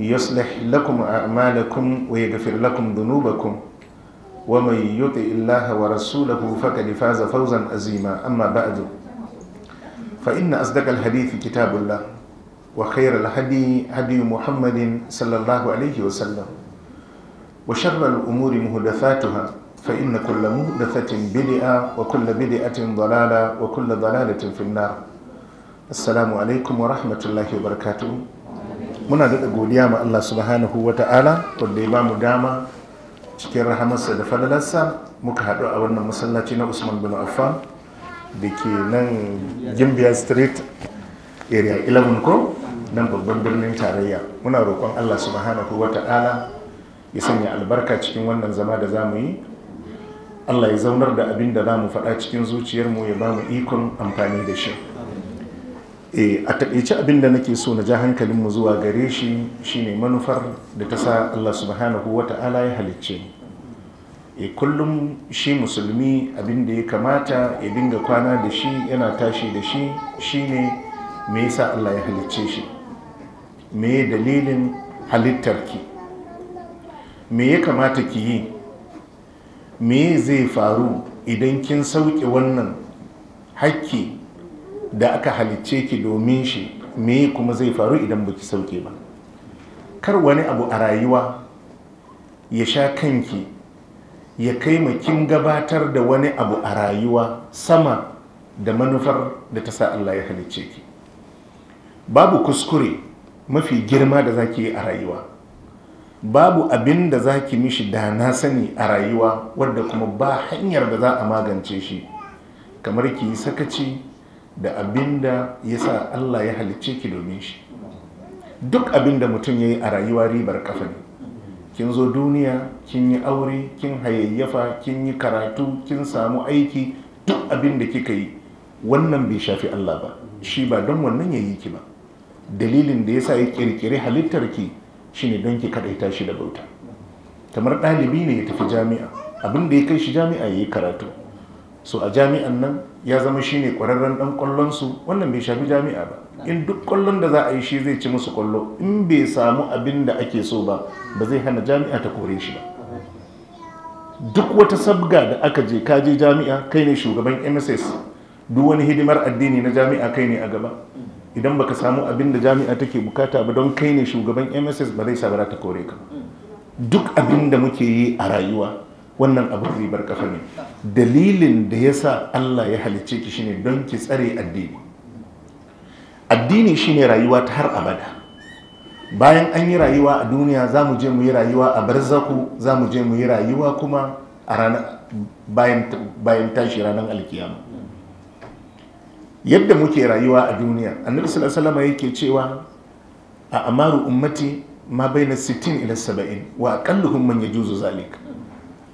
يصلح لكم أعمالكم ويغفر لكم ذنوبكم ومن يطع الله ورسوله فقد فاز فوزا عظيما أما بعد فإن أصدق الحديث كتاب الله وخير الهدي هدي محمد صلى الله عليه وسلم وشر الأمور مهدفاتها فإن كل مهدفة بدعة وكل بدعة ضلالة وكل ضلالة في النار السلام عليكم ورحمة الله وبركاته muna daɗa godiya ma Allah subhanahu wa ta'ala wanda ya bamu dama cikin rahamarsa da falalarsa muka haɗu a wannan masallaci na Usman bin Affan da ke nan Gimbiya Street area 11 ko nan babban birnin tarayya muna roƙon Allah subhanahu wa ta'ala ya sanya albarka cikin wannan zama da zamu yi Allah ya zaunar da abin da za mu faɗa cikin zuciyarmu ya ba mu ikon amfani da shi. Eh, a taƙaice abin da nake so na ja hankalinmu zuwa gare shi shine manufar da ta sa Allah subhanahu wa ta'ala ya halicce e kullum shi musulmi abinda ya kamata ya dinga kwana da shi yana tashi da shi shine me yasa Allah ya halicce shi me dalilin halittarki me ya kamata ki yi me zai faru idan kin sauke wannan hakki da aka halicce ki domin shi me kuma zai faru idan baki sauke ba kar wani abu a rayuwa ya sha kanki ya kai makin gabatar da wani abu a rayuwa sama da manufar da ta sa Allah ya halicce ki babu kuskure mafi girma da zaki yi a rayuwa babu abin da zaki mishi da na sani a rayuwa wadda kuma ba hanyar da za a magance shi kamar ki yi sakaci da abinda ya sa Allah ya halicce ki domin shi duk abinda mutum ya yi a rayuwa ribar kafa ne kin zo duniya kin yi aure kin hayayyafa kin yi karatu kin samu aiki duk abinda kika yi wannan bai shafi Allah ba shi ba don wannan ya yi ki ba dalilin da ya sa ya kirkiri halittar ki ne don ki kadaita shi da bauta kamar ɗalibi ne ya tafi jami'a abin da ya kai shi jami'a ya yi karatu so a jami'an nan ya zama shi ne ƙwararren ɗan ƙwallon su wannan bai shafi jami'a ba in duk ƙwallon da za a yi shi zai ci musu ƙwallo in bai samu abin da ake so ba ba zai hana jami'a ta kore shi ba duk wata sabga da aka je kaje jami'a kai ne shugaban mss duk wani hidimar addini na jami'a kai ne a gaba idan baka samu abin da jami'a take bukata ba don kai ne shugaban mss ba zai sabara ta kore ka duk abin da muke yi a rayuwa wannan abin ribar kafa ne dalilin da ya sa Allah ya halicce ki shine don ki tsare addini addini shine rayuwa ta har abada bayan an yi rayuwa a duniya za mu je mu yi rayuwa a barzaku za mu je mu yi rayuwa kuma a bayan tashi ranar alkiyama yadda muke rayuwa a duniya annabi sallallahu alaihi wasallam yake cewa a amaru ummati ma baina 60 ila 70 wa aqalluhum man yajuzu zalika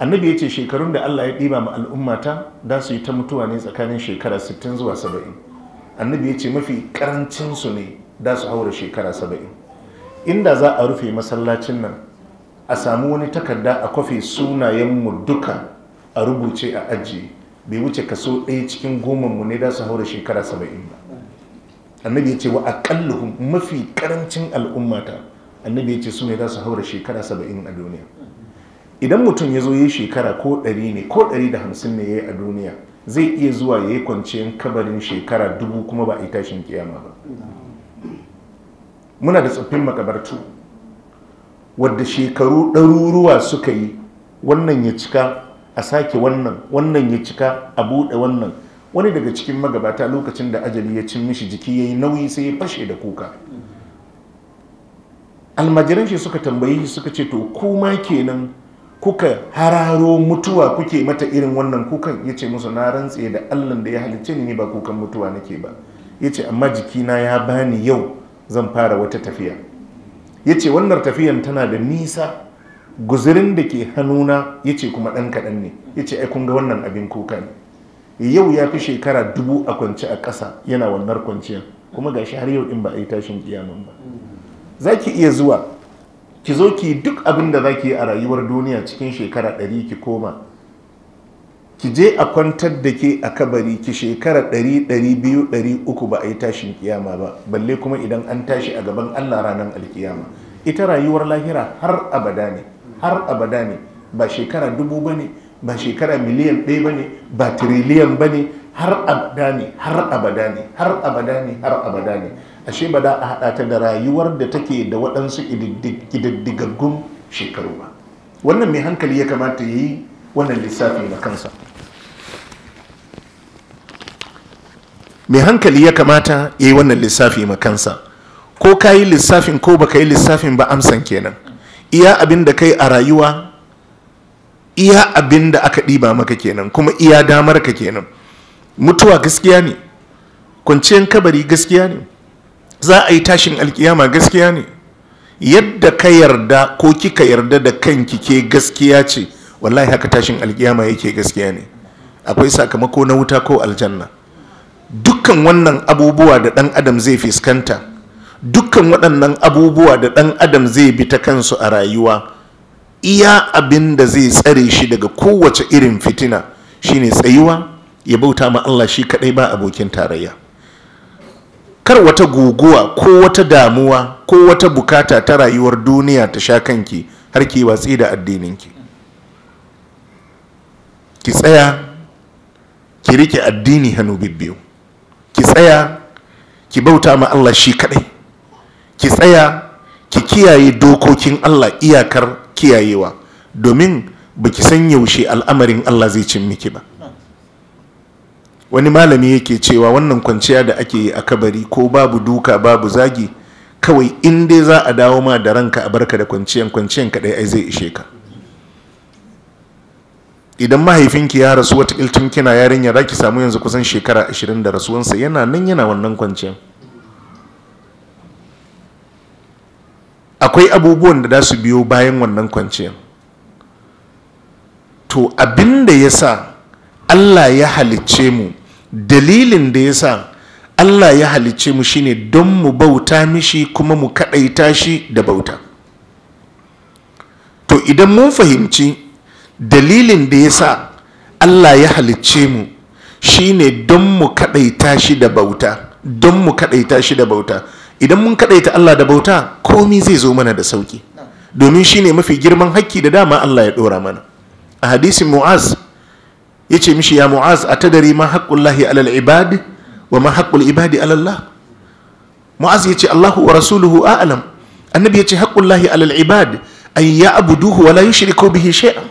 annabi ya ce shekarun da allah ya ɗiba ma al'ummata da su yi ta mutuwa ne tsakanin shekara 60 zuwa 70 annabi ya ce mafi karancinsu ne da su haura shekara 70 inda za a rufe masallacin nan a samu wani takarda a kwafe sunayen mu duka a rubuce a ajiye bai wuce kaso ɗaya cikin mu ne da su haura shekara 70 ba annabi ya ce wa aƙalluhun mafi karancin al'ummata annabi ya ce su ne za su haura shekara 70 a duniya idan mutum ya zo ya shekara ko ɗari ne ko ɗari da hamsin ne ya yi a duniya zai iya zuwa ya yi kwanciyar kabarin shekara dubu kuma ba a yi tashin kiyama ba muna da tsoffin makabartu wadda shekaru ɗaruruwa suka yi wannan ya cika a sake wannan wannan ya cika a buɗe wannan wani daga cikin magabata lokacin da ajali ya cin mishi jiki ya yi nauyi sai ya fashe da kuka almajiran shi suka tambaye shi suka ce to kuma kenan kuka hararo mutuwa kuke mata irin wannan kukan ya ce musu na rantse da allan da ya halicce ni ba kukan mutuwa nake ba ya ce amma jikina ya bani yau zan fara wata tafiya ya ce wannan tafiyan tana da nisa guzurin da ke hannuna ya ce kuma ɗan kaɗan ne ya ce kun ga wannan abin kuka ne yau ya fi shekara dubu a kwance a ƙasa yana wannan kwanciyar kuma gashi har yau in ba a yi tashin kiyaman ba za ki iya zuwa ki zo ki duk abin da za ki yi a rayuwar duniya cikin shekara ɗari ki koma ki je a kwantar da ke a kabari ki shekara ɗari ɗari biyu ɗari uku ba a yi tashin kiyama ba balle kuma idan an tashi a gaban allah ranar alkiyama ita rayuwar lahira har abada ne har abada ne ba shekara dubu ba ne ba shekara miliyan ɗaya ba ne ba tiriliyan ba ne har abada ne har abada ne har abada ne har abada ne ashe ba da a haɗa ta da rayuwar da take da waɗansu ƙididdigaggun shekaru ba wannan mai hankali ya kamata ya yi wannan lissafi da kansa mai hankali ya kamata ya yi wannan lissafi ma kansa ko ka yi lissafin ko ba ka yi lissafin ba amsan kenan iya abin da kai a rayuwa iya abin da aka ɗiba maka kenan kuma iya damar ka kenan mutuwa gaskiya ne kwanciyar kabari gaskiya ne za a yi tashin alkiyama gaskiya ne yadda ka yarda ko kika yarda da kanki ke gaskiya ce wallahi haka tashin alkiyama yake gaskiya ne akwai sakamako na wuta ko aljanna dukkan wannan abubuwa da ɗan adam zai fiskanta, dukkan waɗannan abubuwa da ɗan adam zai bi ta kansu a rayuwa iya abin da zai tsare shi daga kowace irin fitina shine tsayuwa ya bauta ma Allah shi kaɗai ba abokin tarayya kar wata guguwa ko wata damuwa ko wata bukata ta rayuwar duniya ta sha kanki har ki watsi da addininki ki tsaya ki rike addini hannu bibbiyu ki tsaya ki bauta ma Allah shi kadai ki tsaya ki kiyaye dokokin Allah iyakar kiyayewa domin baki san yaushe al'amarin Allah zai cin miki ba wani malami yake cewa wannan kwanciya da ake yi a kabari ko babu duka babu zagi kawai in dai za a dawo ma da ranka a barka da kwanciyan kwanciyan kaɗai ai zai ishe ka idan mahaifinki ya rasu wata tun kina yarinya za ki samu yanzu kusan shekara ashirin da rasuwansa yana nan yana wannan kwanciyan akwai abubuwan da za su biyo bayan wannan kwanciyan to abinda ya sa allah ya halicce mu dalilin da ya sa allah ya halicce mu shine don mu bauta mishi kuma mu kaɗaita shi da bauta to idan mun fahimci dalilin da ya sa allah ya halicce mu shine don mu kaɗaita shi da bauta don mu kaɗaita shi da bauta idan mun kaɗaita allah da bauta komi zai zo mana da sauki domin shine mafi girman hakki da dama allah ya ɗora mana a hadisin mu'az yace ce mishi ya mu'az a tadari ma haƙƙullahi alal ibadi wa ma haƙƙul ibadi alallah mu'az yace allahu wa rasuluhu a'alam annabi yace ce haƙƙullahi alal ibadi an ya abuduhu wa la yushriku bihi shay'an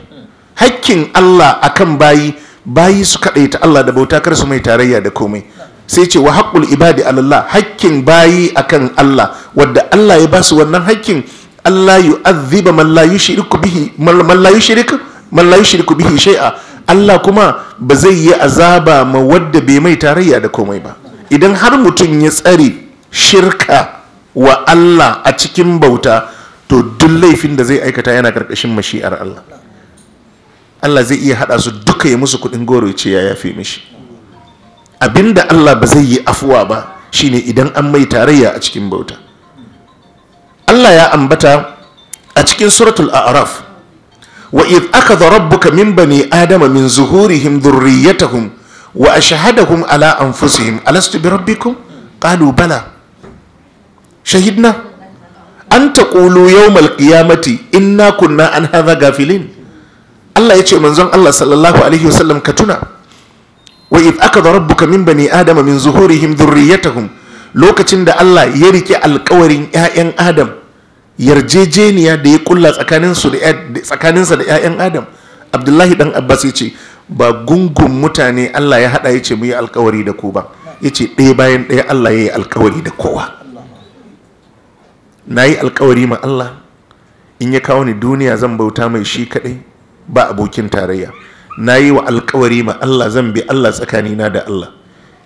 hakkin allah akan bayi bayi su kadaita allah da bauta kar su mai tarayya da komai sai ce wa haƙƙul ibadi alallah hakkin bayi akan allah wadda allah ya ba su wannan hakkin allah yu'adhiba man la yushriku bihi man la yushriku man la yushriku bihi shay'a Allah kuma ba zai yi azaba ma wadda bai mai tarayya da komai ba idan har mutum ya tsare shirka wa Allah a cikin bauta to duk laifin da zai aikata yana karkashin mashi'ar Allah Allah zai iya haɗa su duka ya musu kuɗin goro ya ce ya yafe mishi abinda Allah ba zai yi afuwa ba shine idan an mai tarayya a cikin bauta Allah ya ambata a cikin suratul a'raf wa idh akhadha rabbuka min bani adama min zuhurihim dhurriyyatahum wa ashhadahum ala anfusihim alastu bi rabbikum qalu bala shahidna an taqulu yawmal qiyamati inna kunna an hadha gafilin Allah ya ce manzon Allah sallallahu alaihi wasallam ka tuna wa idh akhadha rabbuka min bani adama min zuhurihim dhurriyyatahum lokacin da Allah ya rike alƙawarin ƴaƴan Adam yarjejeniya da ya kulla tsakaninsa da 'ya'yan adam abdullahi dan abbas ya ce ba gungun mutane allah ya hada ya ce mu yi alkawari da ku ba ya ce ɗaya bayan ɗaya allah ya yi alkawari da kowa na yi alkawari ma allah in ya kawo ni duniya zan bauta mai shi kaɗai ba abokin tarayya na yi wa alkawari ma allah zan bi allah tsakanina da allah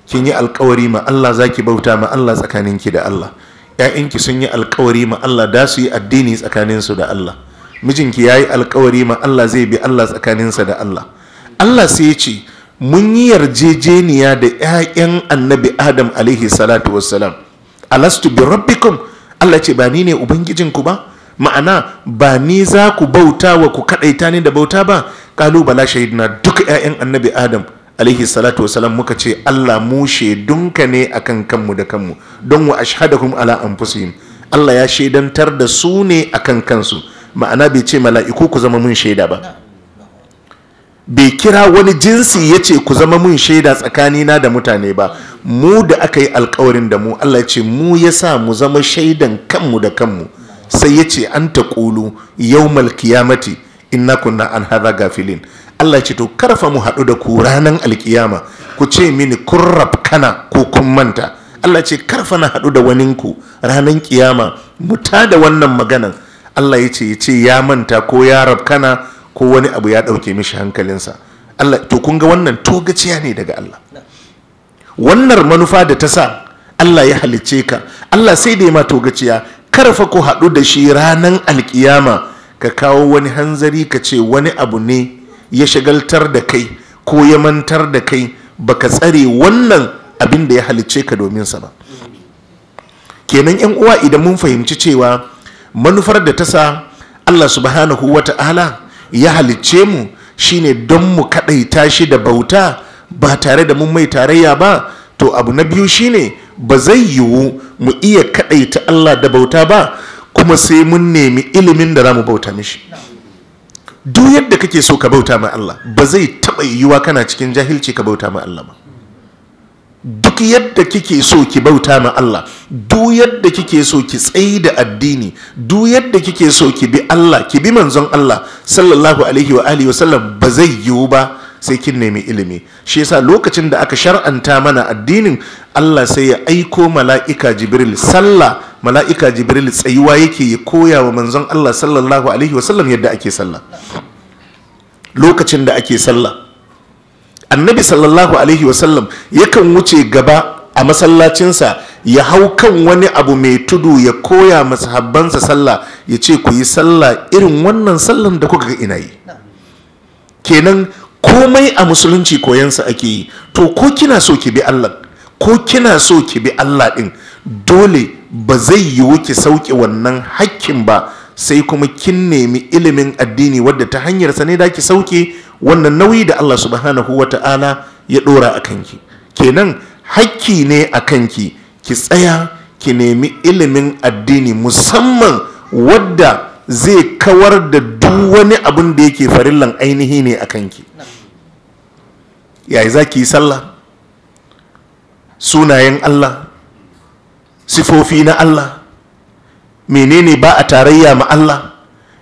kin yi alkawari ma allah za ki bauta ma allah tsakaninki da allah 'ya'yanki sun yi alkawari ma Allah da su yi addini tsakaninsu da Allah mijinki ya yi alkawari ma Allah zai bi Allah tsakaninsa da Allah Allah sai ya ce mun yi yarjejeniya da 'ya'yan annabi Adam alaihi salatu wassalam alastu bi rabbikum Allah ce ba ni ne ubangijinku ba ma'ana ba ni za ku bauta wa ku kaɗaita ni da bauta ba ƙalubala shahidna duka 'ya'yan annabi Adam alaihi salatu wasalam muka ce Allah mu shaidunka ne akan kanmu da kanmu don wa ashhadakum ala anfusihim Allah ya shaidantar da su ne akan kansu ma'ana bai ce mala'iku ku zama mun shaida ba bai kira wani jinsi yace ku zama mun shaida tsakanina da mutane ba mu da aka yi alkawarin da mu Allah ya ce mu ya sa mu zama shaidan kanmu da kanmu sai yace ce an ta ƙulu yau malkiyamati inna kunna an hada gafilin Allah ce to karfa mu haɗu da ku ranar alkiyama ku ce mini kun rafkana ko kun manta Allah ce karfa na haɗu da waninku ranan kiyama mu da wannan magana. Allah ya ce ya ce ya manta ko ya rafkana ko wani abu ya ɗauke mishi hankalinsa Allah to kun ga wannan togaciya ne daga Allah wannan manufa da ta sa Allah ya halicce ka Allah sai da ya ma togaciya karfa ku haɗu da shi ranar alkiyama ka kawo wani hanzari ka ce wani abu ne ya shagaltar da kai ko ya mantar da kai baka tsare wannan abin da ya halicce ka domin sa ba kenan yan uwa idan mun fahimci cewa manufar da ta sa Allah subhanahu wata'ala ya halicce mu shine don mu kaɗaita shi da bauta ba tare da mun mai tarayya ba to abu na biyu shine ba zai yiwu mu iya kaɗaita Allah da bauta ba kuma sai mun nemi ilimin da za mu bauta mishi duk yadda kake so ka bauta ma Allah ba zai taɓa yiwuwa kana cikin jahilci ka bauta ma Allah ba duk yadda kike so ki bauta ma Allah duk yadda kike so ki tsayi da addini duk yadda kike so ki bi Allah ki bi manzon Allah sallallahu alaihi wa alihi wa sallam ba zai yiwu ba sai kin nemi ilimi shi yasa lokacin da aka shar'anta mana addinin Allah sai ya aiko mala'ika Jibril sallah mala'ika Jibril tsayuwa yake ya koya wa manzon Allah sallallahu alaihi wasallam yadda ake sallah lokacin da ake sallah annabi sallallahu alaihi wasallam yakan wuce gaba a masallacinsa ya hau kan wani abu mai tudu ya koya masahabbansa sallah ya ce ku yi sallah irin wannan sallan da kuka ga ina yi kenan komai a musulunci koyansa ake yi to ko kina so ki bi Allah ko kina so ki bi Allah din dole ba zai yiwu ki sauke wannan hakkin ba sai kuma kin nemi ilimin addini wadda ta hanyar sa ne da ki sauke wannan nauyi da Allah subhanahu wata'ala ya dora a kanki kenan hakki ne a kanki ki tsaya ki nemi ilimin addini musamman wadda zai kawar da duk wani abin da yake farillan ainihi ne a kanki yayi za ki yi sallah sunayen allah sifofi na allah menene ba a tarayya ma allah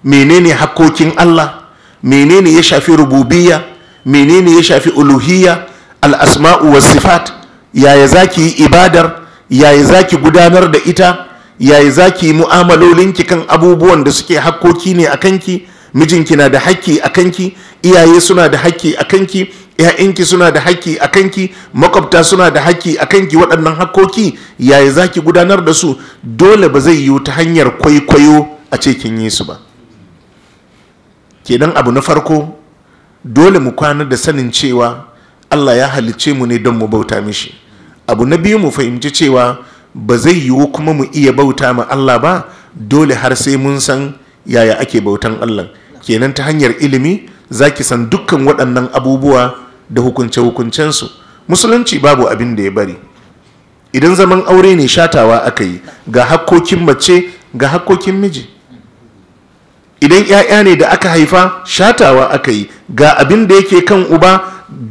menene hakkokin allah menene ya shafi rububiyya menene ya shafi uluhiyya al'asma'u was sifat yaya za ki yi ibadar yaya za ki gudanar da ita yaya za ki yi mu'amalolinki kan abubuwan da suke hakkoki ne a kanki mijinki na da hakki a kanki iyaye suna da haƙƙi a kanki ‘ya'yanki suna da haƙƙi a kanki makwabta suna da haƙƙi a kanki waɗannan hakkoki yaya za ki gudanar da su dole ba zai yiwu ta hanyar kwaikwayo a ce kin yi su ba kenan abu na farko dole mu kwana da sanin cewa allah ya halicce mu ne don mu bauta mishi abu na biyu mu fahimci cewa ba zai yiwu kuma mu iya bauta ma allah ba dole har sai mun san yaya ake bautan allah kenan ta hanyar ilimi za ki san dukkan waɗannan abubuwa da hukunce-hukuncensu musulunci babu abin da ya bari idan zaman aure ne shatawa aka yi ga hakkokin mace ga hakkokin miji idan 'ya'ya ne da aka haifa shatawa aka yi ga abin da yake kan uba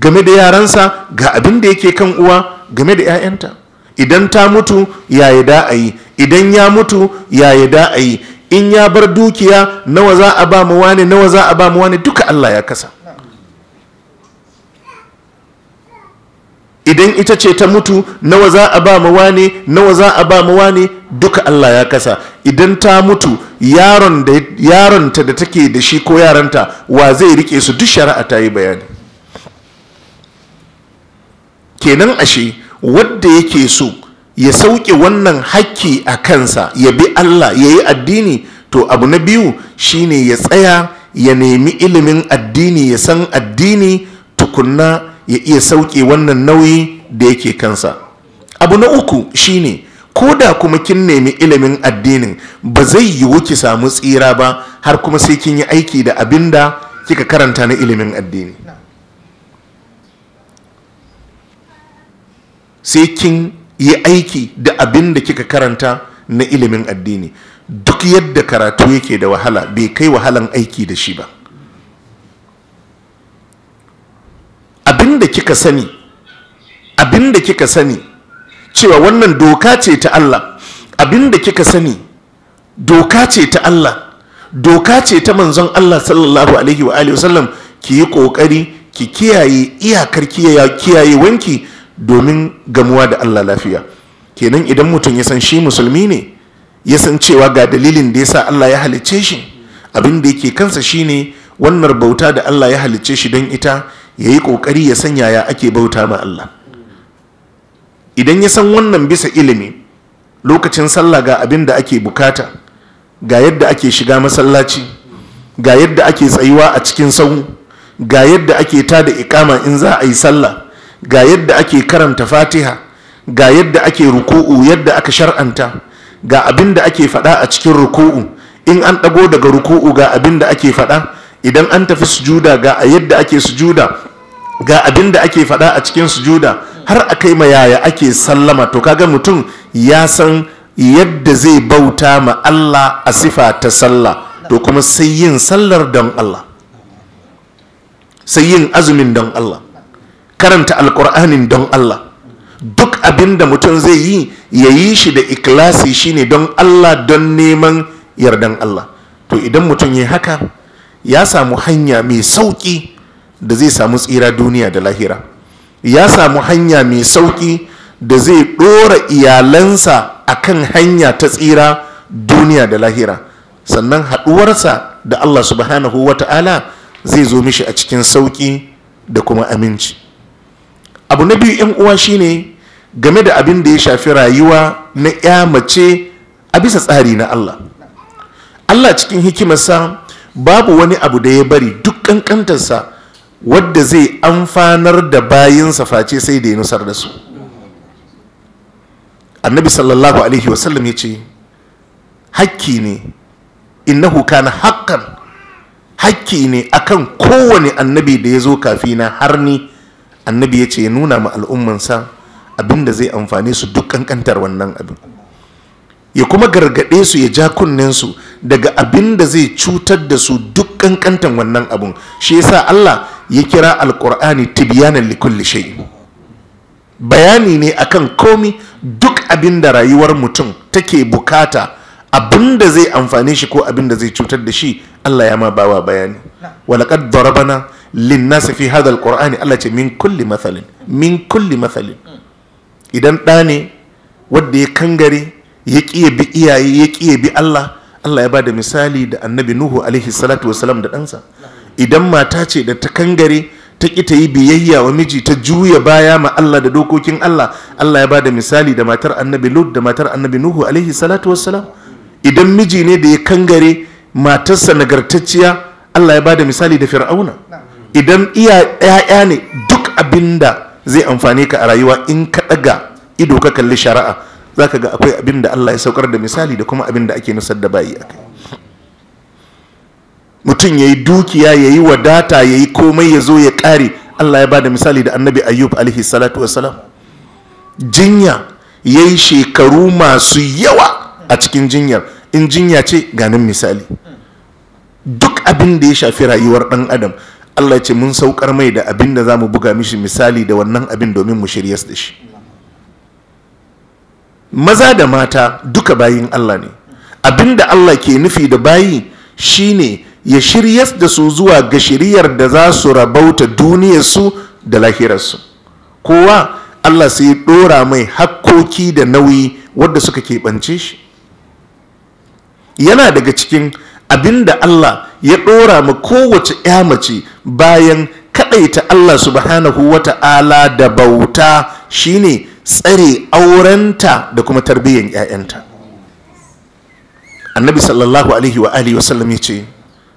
game da yaransa ga abin da yake kan uwa game da 'ya'yanta idan ta mutu yaya da a idan ya mutu ya da a yi in ya bar dukiya nawa za a ba mu wane nawa za a ba mu wane duka Allah ya kasa idan ita ce ta mutu nawa za a ba mu wane nawa za a ba mu wane duka Allah ya kasa idan ta mutu yaron da yaronta da take da shi ko yaranta wa zai rike su duk shari'a ta yi bayani kenan ashe wadda yake so ya sauke wannan haƙƙi a kansa ya bi Allah ya yi addini to abu na biyu shine ya tsaya ya nemi ilimin addini ya san addini tukunna ya iya sauke wannan nauyi da yake kansa abu na uku shine ko da kuma kin nemi ilimin addinin ba zai yiwu ki samu tsira ba har kuma sai kin yi aiki da abin da kika karanta na ilimin addini sai kin yi aiki da abin da kika karanta na ilimin addini duk yadda karatu yake da wahala bai kai wahalan aiki da shi ba abin da kika sani abin da kika sani cewa wannan doka ce ta Allah abin da kika sani doka ce ta Allah doka ce ta manzon Allah sallallahu alaihi wa alihi wasallam ki yi kokari ki kiyaye iyakar kiyaye wanki domin gamuwa da Allah lafiya kenan idan mutum ya san shi musulmi ne ya san cewa ga dalilin da ya sa Allah ya halicce shi abin da yake kansa shine wannan bauta da Allah ya halicce shi don ita ya yi ƙoƙari ya san yaya ake bauta ma Allah idan ya san wannan bisa ilimi lokacin sallah ga abin da ake bukata ga yadda ake shiga masallaci ga yadda ake tsayuwa a cikin sahu ga yadda ake tada ikama in za a yi sallah ga yadda ake karanta fatiha ga yadda ake ruku'u yadda aka shar'anta ga abin da ake faɗa a cikin ruku'u in an ɗago daga ruku'u ga abin da ake faɗa idan an tafi sujuda ga a yadda ake sujuda ga abin da ake faɗa a cikin sujuda har a kai ma yaya ake sallama to kaga mutum ya san yadda zai bauta ma Allah a sifa ta sallah to kuma sai yin sallar don Allah sai yin azumin don Allah karanta alkur'anin don Allah duk abin da mutum zai yi ya yi shi da ikilasi shine don Allah don neman yardan Allah to idan mutum ya haka ya samu hanya mai sauƙi da zai samu tsira duniya da lahira ya samu hanya mai sauƙi da zai ɗora iyalansa akan hanya ta tsira duniya da lahira sannan haɗuwarsa da Allah subhanahu wa ta'ala zai zo mishi a cikin sauƙi da kuma aminci abu na biyu yan uwa shine game da abin da ya shafi rayuwa na ya mace a bisa tsari na Allah Allah cikin hikimarsa babu wani abu da ya bari duk kankantarsa wadda zai amfanar da bayinsa face sai da ya nusar da su annabi sallallahu alaihi wasallam ya ce hakki ne innahu kana haƙƙan, hakki ne akan kowane annabi da ya zo kafina har ni annabi ya ce ya nuna ma al'ummansa abin da zai amfane su duk kankantar wannan abin ya kuma gargaɗe su ya ja kunnen daga abin da zai cutar da su duk kankantar wannan abin shi yasa Allah ya kira alkur'ani tibiyanan likulli shay bayani ne akan komi duk abin da rayuwar mutum take bukata abin da zai amfane shi ko abin da zai cutar da shi Allah ya ma bawa bayani walaqad darabana linnasi fi hadha alqur'ani Allah ce min kulli mathalin min kulli mathalin idan ɗa ne wanda ya kangare ya ƙiye bi iyaye ya ƙiye bi Allah Allah ya ba da misali da annabi Nuhu alaihi salatu salam da ɗansa idan mata ce da ta kangare ta ƙi ta yi biyayya wa miji ta juya baya ma Allah da dokokin Allah Allah ya ba da misali da matar annabi Lut da matar annabi Nuhu alaihi salatu salam. idan miji ne da ya kangare matarsa nagartacciya Allah ya bada misali da fir'auna idan iya ya'ya ne duk abinda zai amfani ka a rayuwa in ka daga ido ka kalli shari'a zaka ga akwai abin da Allah ya saukar da misali da kuma abin da ake nusar da bayi akai mutum yayi dukiya yayi wadata yayi komai ya zo ya kare Allah ya bada misali da Annabi Ayyub alaihi salatu wassalam jinya yayi shekaru masu yawa a cikin jinyar in jinya ce ganin misali duk abin da ya shafi rayuwar ɗan adam Allah ya ce mun saukar mai da abin da za buga mishi misali da wannan abin domin mu shirya da shi maza da mata duka bayin Allah ne abin da Allah ke nufi da bayi shine ya shiryas da su zuwa ga shiriyar da za su rabauta duniyarsu da lahirarsu kowa Allah sai ya ɗora mai hakkoki da nauyi wadda suka ke bance shi yana daga cikin abin da Allah ya ɗora ma kowace ya mace bayan kaɗaita Allah subhanahu wa ta'ala da bauta shine tsare aurenta da kuma tarbiyyar 'ya'yanta annabi sallallahu alaihi wa alihi wasallam ya ce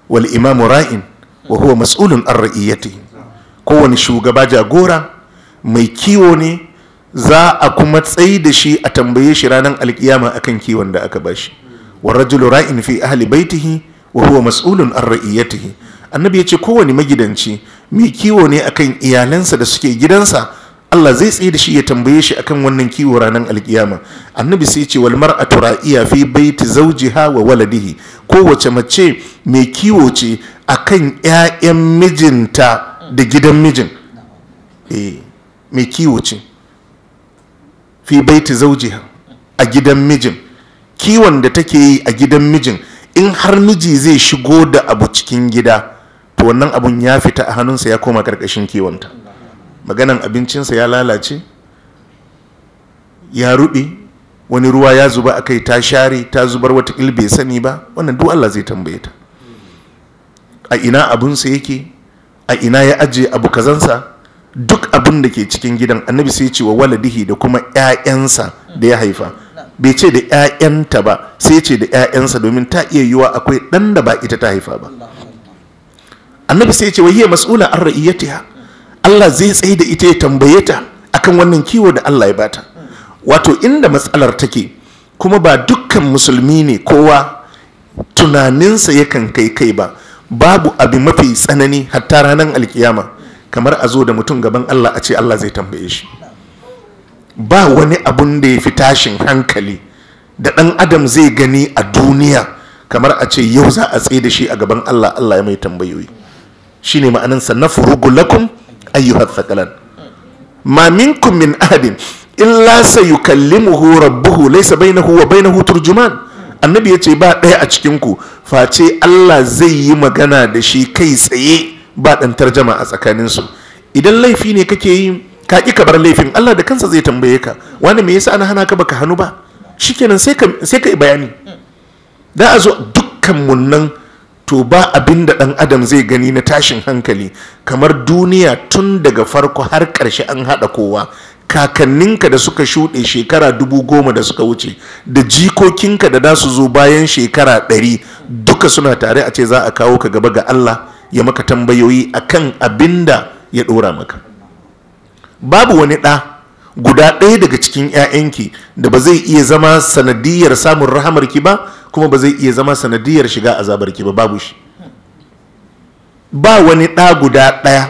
wal imamu ra'in wa huwa mas'ulun an ra'iyyati kowane shugaba jagora mai kiwo ne za a kuma tsayi da shi a tambaye shi ranar alkiyama akan kiwon da aka bashi wa rajulu ra'in fi ahli baitihi wa huwa mas'ulun an ra'iyatihi annabi ya ce kowane magidanci mai kiwo ne akan iyalansa da suke gidansa Allah zai tsaye da shi ya tambaye shi akan wannan kiwo ranar alkiyama annabi sai ce wal mar'atu ra'iya fi baiti zawjiha wa waladihi kowace mace mai kiwo ce akan ƴaƴan mijinta da gidan mijin eh mai kiwo ce fi baiti zawjiha a gidan mijin kiwon da take yi a gidan mijin in har miji zai shigo da abu cikin gida to wannan abun ya fita a hannunsa ya koma karkashin kiwonta maganan abincinsa ya lalace ya ruɓe wani ruwa ya zuba a kai ta share ta zubar wata bai sani ba wannan duk Allah zai tambaye ta a ina abunsa yake a ina ya ajiye abu kazansa duk abin da ke cikin gidan annabi sai ce wa waladihi da kuma 'ya'yansa da ya haifa bai ce da 'ya'yanta ba sai ce da 'ya'yansa domin ta iya yiwuwa akwai ɗan da ba ita ta haifa ba annabi sai ce wa hiya mas'ula an ra'iyatiha Allah zai tsaye da ita ya tambaye ta akan wannan kiwo da Allah ya bata wato inda matsalar take kuma ba dukkan musulmi ne kowa tunaninsa yakan kai kai ba babu abu mafi tsanani hatta ranar alkiyama kamar a zo da mutum gaban Allah a ce Allah zai tambaye shi ba wani abun da ya fi tashin hankali da ɗan adam zai gani a duniya kamar a ce yau za a tsaye da shi a gaban Allah Allah ya mai tambayoyi Shi ne ma'anansa na furugu lakum ayyuhar sakalan ma minkum min ahadin laisa sayukallimuhu rabbuhu laysa bainahu wa bainahu turjuman annabi yace ba ɗaya a cikin ku face Allah zai yi magana da shi kai tsaye ba ɗantar tarjama a tsakaninsu idan laifi ne kake yi ka ki ka bar laifin Allah da kansa zai tambaye ka wani me yasa ana hana ka baka hannu ba shikenan sai ka sai ka bayani da a zo dukkan mun nan to ba abin da dan adam zai gani na tashin hankali kamar duniya tun daga farko har karshe an hada kowa kakanninka da suka shuɗe shekara dubu goma da suka wuce da jikokinka da za su zo bayan shekara ɗari duka suna tare a ce za a kawo ka gaba ga Allah ya maka tambayoyi akan abin da ya ɗora maka. babu wani ɗa guda ɗaya daga cikin 'ya'yanki da ba zai iya zama sanadiyar samun rahamarki ba kuma ba zai iya zama sanadiyar shiga azabarki ba babu shi ba wani ɗa guda ɗaya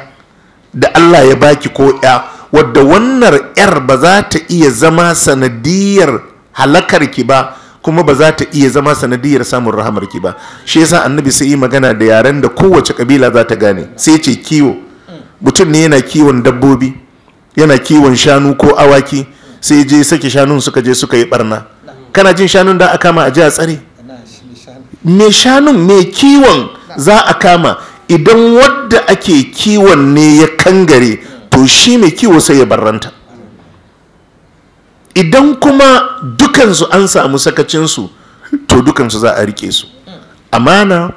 da Allah ya baki ko ya wadda wannan 'yar ba za ta iya zama sanadiyar halakarki ba kuma ba za ta iya zama sanadiyar samun rahamarki ba shi yasa annabi sai yi magana da yaren da kowace kabila za ta gane sai ce kiwo mutum ne yana kiwon dabbobi yana kiwon shanu ko awaki sai je sake shanun suka je suka yi barna kana jin shanun da aka kama a a tsare me shanun me kiwon za a kama idan wadda ake kiwon ne ya kangare to shi mai kiwo sai ya barranta idan kuma dukansu an samu sakacinsu to dukansu za a rike su amana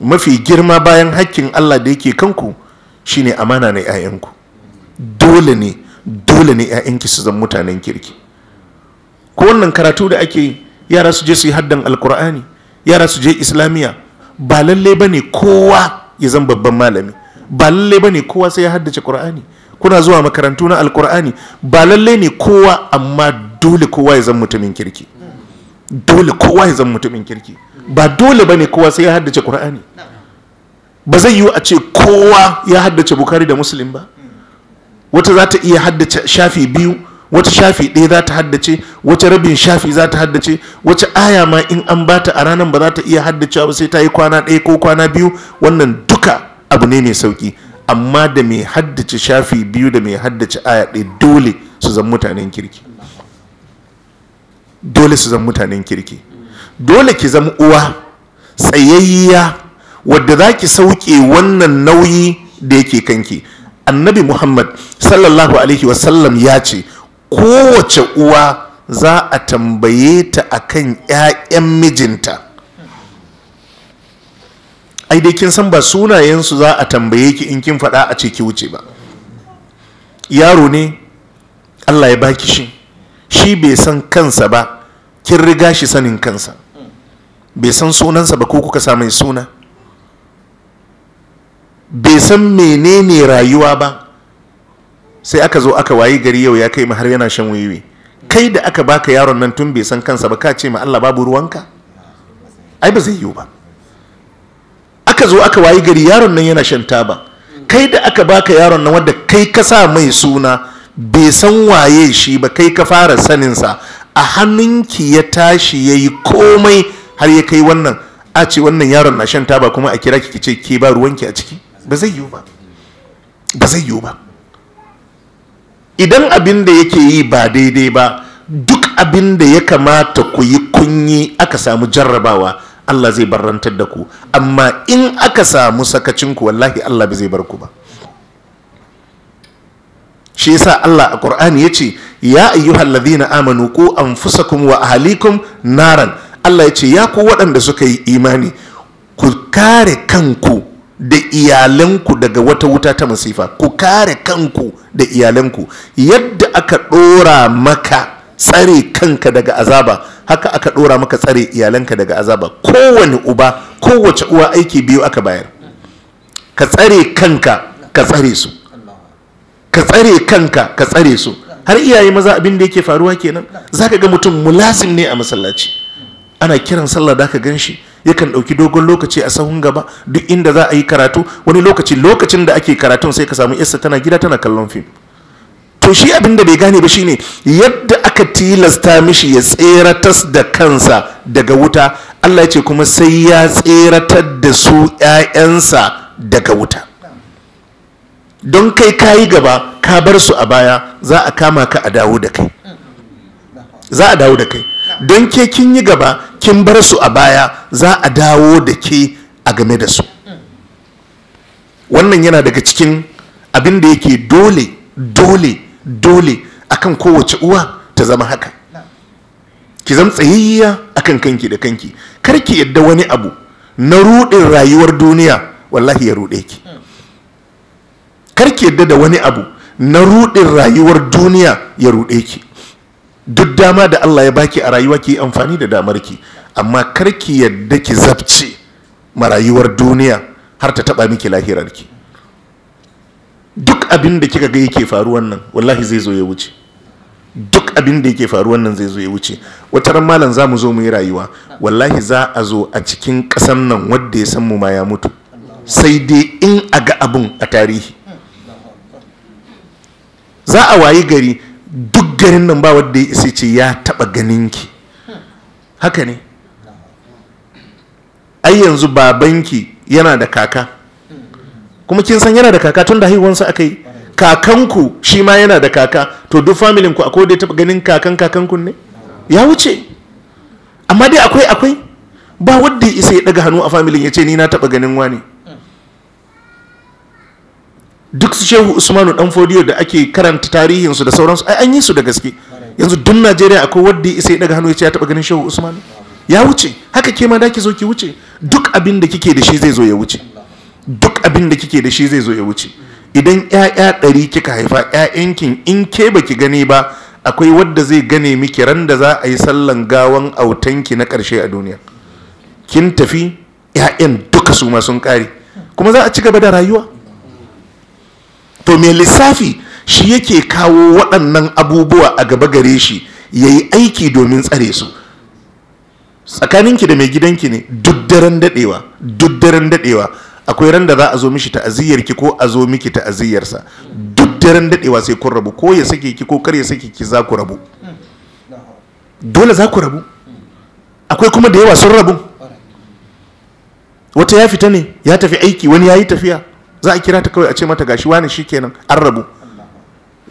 mafi girma bayan hakkin allah da yake kanku shine amana na 'ya'yanku dole ne dole ne 'ya'yanki su zama mutanen kirki ko wannan karatu da ake yi yara su je su yi haddan alkur'ani yara su je islamiyya ba lalle ba ne kowa ya zama babban malami ba lalle ba ne kowa sai ya haddace kur'ani kuna zuwa makarantu na alkur'ani ba lalle ne kowa amma dole kowa ya zama mutumin kirki dole kowa ya zama mutumin kirki ba dole ba ne kowa sai ya haddace kur'ani ba zai yiwu a ce kowa ya haddace bukari da muslim ba wata za ta iya haddace shafi biyu wata shafi ɗaya za ta haddace wata rabin shafi za ta haddace wata aya ma in an bata a ranar ba za ta iya haddacewa ba sai ta yi kwana ɗaya ko kwana biyu wannan duka abu ne mai sauki amma da mai haddace shafi biyu da mai haddace aya ɗaya dole su zan mutanen kirki dole su zan mutanen kirki dole ki zama uwa tsayayya wadda za ki sauke wannan nauyi da yake kanki annabi muhammad sallallahu alaihi wasallam ya ce kowace uwa za a tambaye ta akan 'ya'yan mijinta ai dai kin san ba sunayensu za a tambaye ki in kin faɗa a ce ki wuce ba yaro ne allah ya baki shi shi bai san kansa ba kin riga shi sanin kansa bai san sunansa ba ko kuka sa mai suna bai san menene rayuwa ba sai aka zo aka wayi gari yau ya kai har yana shan wiwi kai da aka baka yaron nan tun bai san kansa ba ka ce ma Allah babu ruwanka ai ba zai yiwu ba aka zo aka wayi gari yaron nan yana shan taba kai da aka baka yaron nan wanda kai ka sa mai suna bai san waye shi ba kai ka fara saninsa a hannunki ya tashi ya yi komai har ya kai wannan a ce wannan yaron na shan taba kuma a kira ki ce ke ba ruwanki a ciki ba zai yiwu ba ba zai yiwu ba idan abin da yake yi ba daidai ba duk abin da ya kamata ku yi kunyi aka samu jarrabawa Allah zai barrantar da ku amma in aka samu sakacinku wallahi Allah ba zai bar ku ba shi yasa Allah a Qur'ani yace ya ayyuhal ladhina amanu ku anfusakum wa ahlikum naran Allah yace ya ku waɗanda suka yi imani ku kare kanku da iyalanku daga wata wuta ta masifa ku kare kanku da iyalanku yadda aka ɗora maka tsare kanka daga azaba haka aka ɗora maka tsare iyalanka daga azaba kowane uba kowace uwa aiki biyu aka bayar ka tsare kanka ka tsare su ka tsare kanka ka tsare su har iyaye maza abin da yake faruwa kenan zaka ga mutum mulasin ne a masallaci ana kiran sallah da ka gan shi yakan ɗauki dogon lokaci a sahun gaba duk inda za a yi karatu wani lokaci lokacin da ake karatun sai ka samu yasa tana gida tana kallon fim to shi abin da bai gane ba shine yadda aka tilasta mishi ya tseratas da kansa daga wuta Allah ya ce kuma sai ya tseratar da su ƴaƴansa daga wuta don kai kayi gaba ka bar su a baya za a kama ka a dawo da kai za a dawo da kai don ke kin yi gaba kin bar su a baya za a dawo da ke a game da su wannan yana daga cikin abin da yake dole dole dole akan kowace uwa ta zama haka ki zama tsayayya akan kanki da kanki kar ki yadda wani abu na ruɗin rayuwar duniya wallahi ya ruɗe ki kar yadda da wani abu na ruɗin rayuwar duniya ya ruɗe ki duk dama da Allah ya baki a rayuwa ki amfani da damar ki amma kar ki yadda ki zabce marayuwar duniya har ta taba miki lahirar ki duk abin da kika ga yake faruwan nan wallahi zai zo ya wuce duk abin da yake faruwan nan zai zo ya wuce wata ran malam za mu zo mu yi rayuwa wallahi za a zo a cikin kasan nan wanda ya san mu ma ya mutu sai dai in a ga abun a tarihi za a wayi gari duk garin nan ba wadda ya isa ce ya taba ganinki haka ne ai yanzu babanki yana da kaka kuma kin san yana da kaka tun da haihuwansa aka yi kakanku shi ma yana da kaka to duk familin ku akwai da ya taba ganin kakan kakanku ne ya wuce amma dai akwai akwai ba wadda ya isa ya daga hannu a familin ya ce ni na taba ganin wani ne duk su shehu usmanu dan fodiyo da ake karanta tarihinsu da sauransu ai an yi su da gaske yanzu duk najeriya akwai wadda ya daga hannu ya ce ya taba ganin shehu usmanu ya wuce haka ke ma da ki zo ki wuce duk abin da kike da shi zai zo ya wuce duk abin da kike da shi zai zo ya wuce idan ƴaƴa ɗari kika haifa ƴaƴankin in ke baki gani ba akwai wadda zai gane miki ran da za a yi sallan gawan autanki na ƙarshe a duniya kin tafi ƴaƴan duka su ma sun ƙare kuma za a ci gaba da rayuwa to mai lissafi shi yake kawo waɗannan abubuwa a gaba gare shi ya yi aiki domin tsare su tsakaninki da mai gidanki ne duk daren daɗewa duk daɗewa akwai ran da za a zo mishi ta'aziyyarki ko a zo miki ta'aziyyarsa duk daren daɗewa sai kun rabu ko ya sake ki ko kar ya sake ki za ku rabu dole za ku rabu akwai kuma da yawa sun rabu wata ya fita ne ya tafi aiki wani ya yi tafiya za a kira ta kawai a ce mata gashi wani shikenan an rabu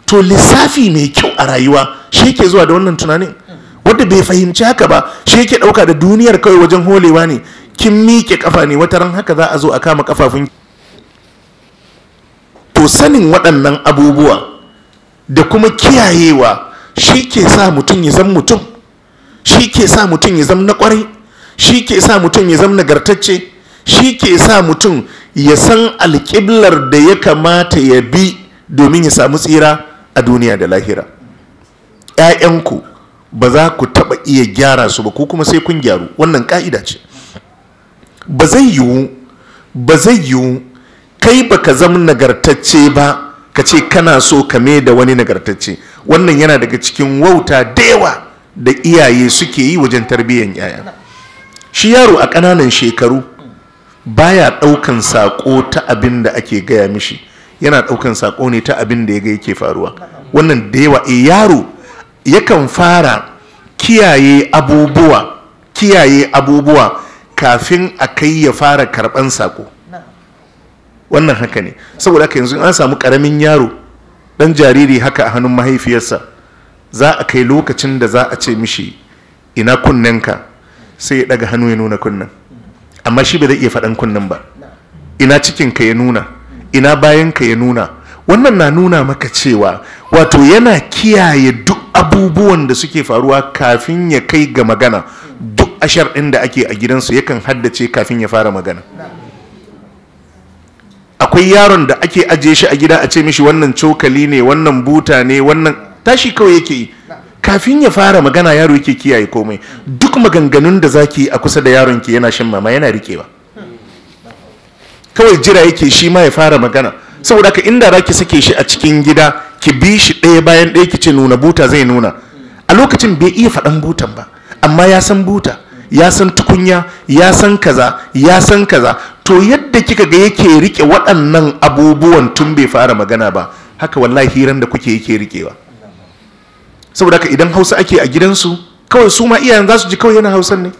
to lissafi mai kyau a rayuwa shi yake zuwa da wannan tunanin wanda bai fahimci haka ba shi yake dauka da duniyar kawai wajen holewa ne kin miƙe kafa ne wata ran haka za a zo a kama kafafun to sanin waɗannan abubuwa da kuma kiyayewa shi ke sa mutum ya zama mutum shi ke sa mutum ya zama na ƙwarai shi ke sa mutum ya zama nagartacce shi ke sa mutum ya san alƙiblar da ya kamata ya bi domin ya samu tsira a duniya da lahira ‘ya'yanku ba za ku taɓa iya gyara su ba ko kuma sai kun gyaru wannan ƙa'ida ce ba zai yiwu ba zai yiwu kai ba ka zama nagartacce ba ka ce kana so ka da wani nagartacce wannan yana daga cikin wauta da yawa da iyaye suke yi wajen tarbiyyar 'ya'ya shi yaro a ƙananan shekaru baya ɗaukan sako ta abin da ake gaya mishi yana ɗaukan sako ne ta abin da ya ga yake faruwa wannan da yawa e yaro yakan fara kiyaye abubuwa kiyaye abubuwa kafin a kai ya fara karɓan sako wannan haka ne saboda haka yanzu an samu ƙaramin yaro ɗan jariri haka a hannun mahaifiyarsa za a kai lokacin da za a ce mishi ina kunnenka sai ya ɗaga hannu ya nuna kunnen amma shi bai zai iya faɗan kunnen ba ina cikin ka ya nuna ina bayan ka ya nuna wannan na nuna maka cewa wato yana kiyaye duk abubuwan da suke faruwa kafin ya kai ga magana duk ashar ɗin da ake a gidansu yakan haddace kafin ya fara magana akwai yaron da ake ajiye shi a gida a ce mishi wannan cokali ne wannan buta ne wannan tashi kawai yake yi kafin ya fara magana yaro yake kiyaye komai duk maganganun da zaki a kusa da yaron ki yana shan mama yana rikewa kawai jira yake shi ma ya fara magana saboda ka inda zaki sake shi a cikin gida ki bi shi ɗaya bayan ɗaya ki ce nuna buta zai nuna a lokacin bai iya faɗan butan ba amma ya san buta ya san tukunya ya san kaza ya san kaza to yadda kika ga yake rike waɗannan abubuwan tun bai fara magana ba haka wallahi hiran da kuke yake rikewa saboda ka idan hausa ake a gidansu kawai su ma iyayen za su ji kawai yana hausan ne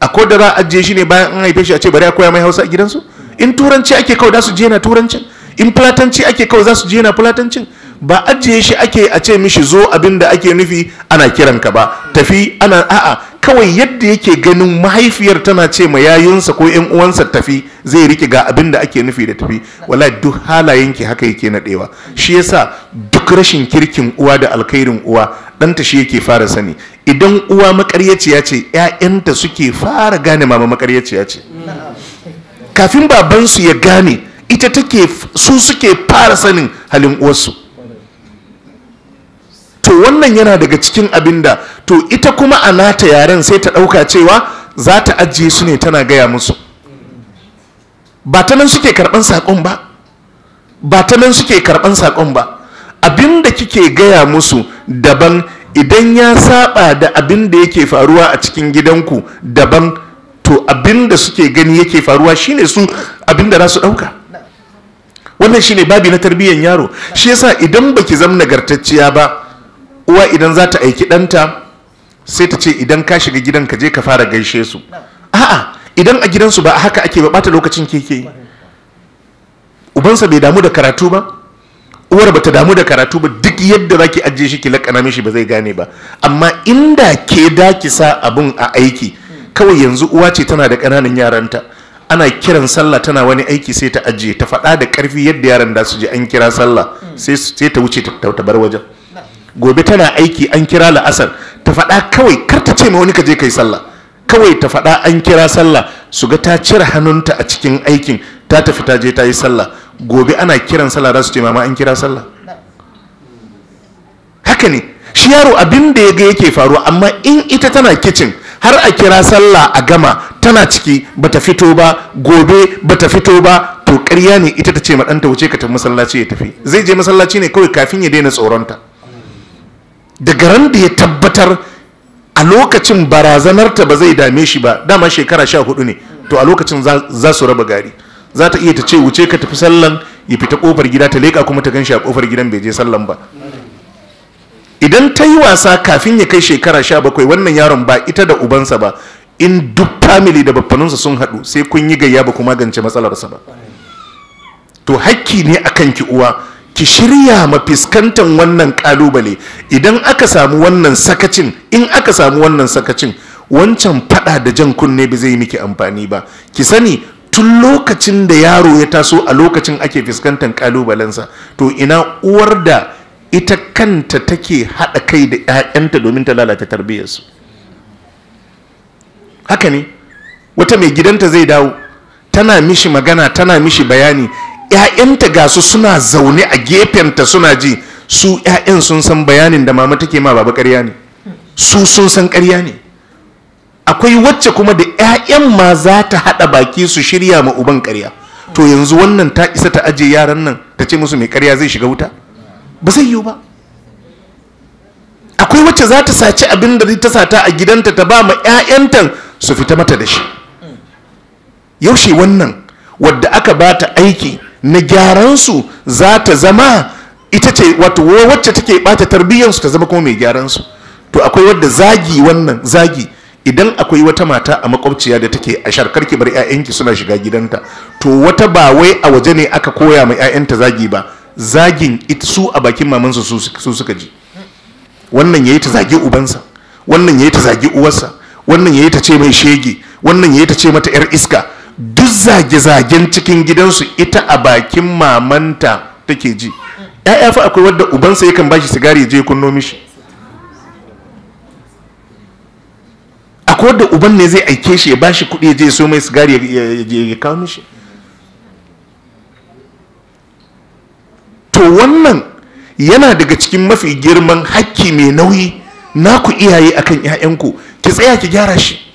a ko da za a ajiye shi ne bayan an haife shi a ce bari a koya mai hausa a gidansu in turanci ake kawai za su je yana turancin in fulatanci ake kawai za su je yana fulatancin ba ajiye shi ake a ce mishi zo abin da ake nufi ana kiranka ba tafi ana a'a kawai yadda yake ganin mahaifiyar tana ce ma yayinsa ko yan uwansa tafi zai rike ga abin da ake nufi da tafi wallahi duk halayenki haka yake nadewa shi yasa duk rashin kirkin uwa da alkhairin uwa ɗanta shi yake fara sani idan uwa makaryaciya ce ƴaƴanta suke fara gane mama makaryaciya ce kafin babansu ya gane ita take su suke fara sanin halin uwarsu to wannan yana daga cikin abin da to ita kuma a nata yaren sai ta ɗauka cewa za ta ajiye su ne tana gaya musu ba ta nan suke karɓan saƙon ba ba ta nan suke karɓan saƙon ba abin da kike gaya musu daban idan ya saba da abin da yake faruwa a cikin gidanku daban to abin da suke gani yake faruwa shine su abin da za su ɗauka wannan shine babi na tarbiyyar yaro shi yasa idan baki zama nagartacciya ba uwa idan za ta aiki ɗanta sai ta ce idan ka shiga gidan ka je ka fara gaishe su a'a idan a gidansu ba haka ake ba bata lokacin keke ubansa bai damu da karatu ba uwar bata damu da karatu ba duk yadda za ki ajiye shi ki lakana mishi ba zai gane ba amma inda ke da ki sa abun a aiki kawai yanzu uwa ce tana da ƙananan yaranta ana kiran sallah tana wani aiki sai ta ajiye ta faɗa da ƙarfi yadda yaran da su je an kira sallah sai ta wuce ta bar wajen gobe tana aiki an kira la'asar ta faɗa kawai kar ta ce ma wani ka je kai sallah kawai ta faɗa an kira sallah su ga ta cire hannunta a cikin aikin ta tafi ta je ta yi sallah gobe ana kiran sallah za su ce mama an kira sallah haka ne shi yaro abin da ya ga yake faruwa amma in ita tana kicin har a kira sallah a gama tana ciki bata fito ba gobe bata fito ba to ƙarya ne ita ta ce ma ɗanta wuce ka tafi masallaci ya tafi zai je masallaci ne kawai kafin ya daina tsoronta daga ran da ya tabbatar a lokacin barazanarta ba zai dame shi ba dama shekara sha hudu ne to a lokacin za su raba gari za ta iya ta ce wuce ka tafi sallan ya fita kofar gida ta leƙa kuma ta ganshi a kofar gidan bai je sallan ba idan ta yi wasa kafin ya kai shekara sha bakwai wannan yaron ba ita da ubansa ba in duk family da bafanunsa sun haɗu sai kun yi gayya ba ku magance matsalarsa ba to hakki ne akan ki uwa ki shirya ma fiskantan wannan kalubale idan aka samu wannan sakacin in aka samu wannan sakacin wancan fada da jan kunne ba zai miki amfani ba ki sani tun lokacin da yaro ya taso a lokacin ake fuskantar kalubalensa to ina uwar da ita kanta take haɗa kai da 'ya'yanta domin ta lalata tarbiyyarsu haka ne wata mai gidanta zai dawo tana mishi magana tana mishi bayani 'ya'yanta ga su suna zaune a gefenta suna ji su 'ya'yan sun san bayanin da mama take ma baba ƙarya ne su sun san ƙarya ne akwai wacce kuma da 'ya'yan ma za ta haɗa baki su shirya ma uban karya. to yanzu wannan ta isa ta aje yaran nan ta ce musu mai karya zai shiga wuta ba zai yiwu ba akwai wacce za ta saci abin da ta sata a gidanta ta ba ma 'ya'yanta su fita mata da shi yaushe wannan wadda aka ba ta aiki na gyaransu za ta zama ita ce wato wacce take bata tarbiyyar su ta zama kuma mai su. to akwai wadda zagi wannan zagi idan akwai wata mata a makwabciya da take a sharkar ki bar 'ya'yanki suna shiga gidanta to wata ba wai a waje ne aka koya ma 'ya'yanta zagi ba zagin su a bakin mamansu su suka ji wannan yayi ta zagi ubansa wannan yayi ta zagi uwarsa wannan yayi ta ce mai shege wannan yayi ta ce mata 'yar iska zage-zagen cikin gidansu ita a bakin mamanta take ji ya fa akwai wadda ubansa yakan ba shi sigari je kunno mishi akwai wadda uban ne zai aike shi ya ba shi kuɗi je so mai sigari ya kawo mishi to wannan yana daga cikin mafi girman hakki mai nauyi naku iyaye akan 'ya'yanku ki tsaya ki gyara shi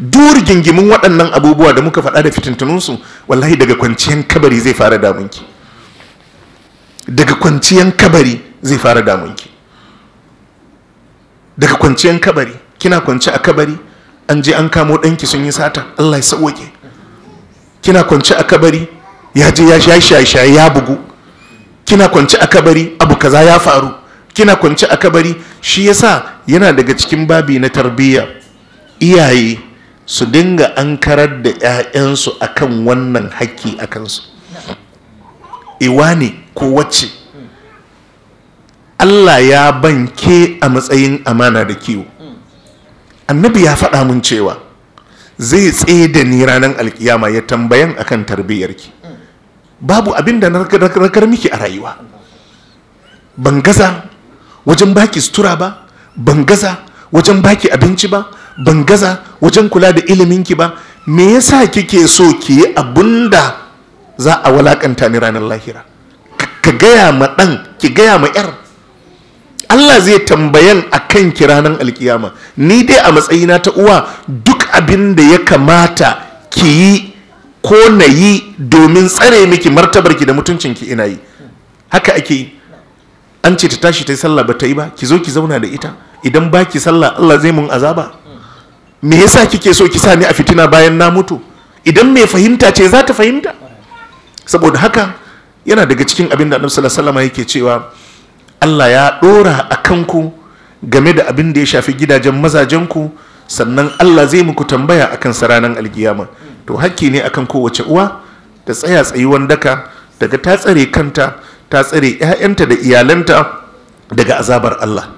duk gingimin waɗannan abubuwa da muka faɗa da fitintunansu wallahi daga kwanciyan kabari zai fara damunki daga kwanciyan kabari zai fara damunki daga kwanciyan kabari kina kwanci a kabari an je an kamo ɗanki sun yi sata allah ya sauwake kina kwanci a kabari ya je ya shaye-shaye ya bugu kina kwanci a kabari abu kaza ya faru kina kwanci a kabari shi yasa yana daga cikin babi na tarbiyya iyaye su dinga an karar da 'ya'yansu akan wannan haƙƙi a kansu iwa ne ko wacce Allah ya banke a matsayin amana da kiwo annabi ya faɗa mun cewa zai tsaye da ni ranar alkiyama ya tambayan akan tarbiyyarki babu abin da nakar miki a rayuwa ban gaza wajen baki sutura ba ban gaza wajen baki abinci ba ban gaza wajen kula da iliminki ba me yasa kike so ki yi abunda za a walakanta ni ranar lahira ka gaya ma ɗan ki gaya ma yar Allah zai tambayan a kan ki ranar alkiyama ni dai a matsayina ta uwa duk abin da ya kamata ki yi ko na yi domin tsare miki martabarki da mutuncinki ina yi haka ake yi an ce ta tashi ta yi sallah ba ta yi ba ki zo ki zauna da ita idan baki sallah Allah zai mun azaba me yasa kike so ki sa ni a fitina bayan na mutu idan mai fahimta ce za ta fahimta saboda haka yana daga cikin abin da annabi sallallahu alaihi yake cewa Allah ya dora a ku game da abin da ya shafi gidajen mazajen ku sannan Allah zai muku tambaya akan saranan alkiyama to hakki ne akan kowace uwa ta tsaya tsayuwan daka daga ta tsare kanta ta tsare 'ya'yanta da iyalanta daga azabar Allah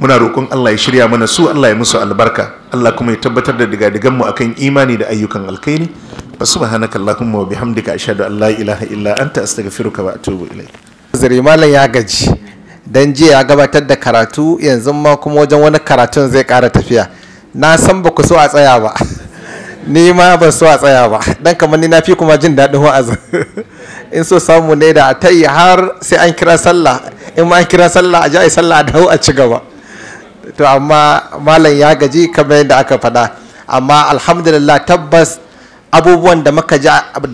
muna roƙon Allah ya shirya mana su Allah ya musu albarka Allah kuma ya tabbatar da digadigan mu akan imani da ayyukan alkhairi wa subhanaka allahumma wa bihamdika ashhadu an la ilaha illa anta astaghfiruka wa atubu ilaik zari malam ya gaji dan jiya ya gabatar da karatu yanzu ma kuma wajen wani karatun zai ƙara tafiya na san ba ku so a tsaya ba ni ma ban so a tsaya ba dan kamar ni na fi kuma jin daɗin wa'azin in so samu ne da a tayi har sai an kira sallah in ma an kira sallah a ji a yi sallah a dawo a ci gaba to amma malam ya gaji kamar yadda aka fada amma alhamdulillah tabbas abubuwan da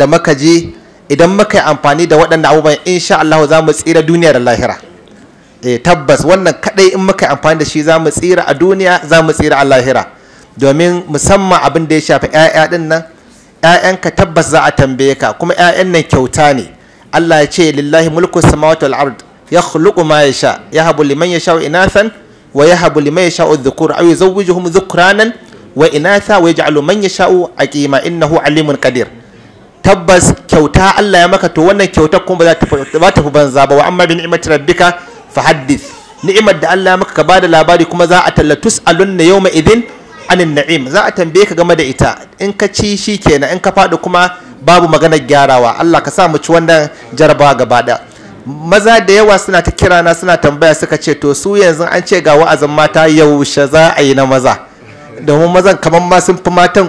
muka ji idan muka yi amfani da waɗannan abubuwan insha Allah za mu tsira duniya da lahira eh tabbas wannan kadai in muka yi amfani da shi za mu tsira a duniya za mu tsira a lahira domin musamman abin da ya shafi ƴaƴa din nan ƴaƴanka tabbas za a tambaye ka kuma ƴaƴan nan kyauta ne Allah ya ce lillahi mulku samawati wal ard yakhluqu ma yasha yahabu liman yasha inathan wa yahabu liman yasha'u adh-dhukur aw yuzawwijuhum dhukranan wa inatha wa yaj'alu man yasha'u aqima hu alimun kadir tabbas kyauta Allah ya maka to wannan kyautar kuma ba ta fi banza ba wa amma bi ni'mati rabbika fa haddith ni'imar da Allah ya maka ka da labari kuma za a tallatus yau ma idhin anin na'im za a tambaye ka game da ita in ka ci shi kenan in ka faɗi kuma babu maganar gyarawa Allah ka sa mu ci wannan jarabawa gaba ɗaya maza da yawa suna ta kira na suna tambaya suka ce to su yanzu an ce ga wa'azin mata yaushe za a yi na maza domin mazan kamar ma sun fi matan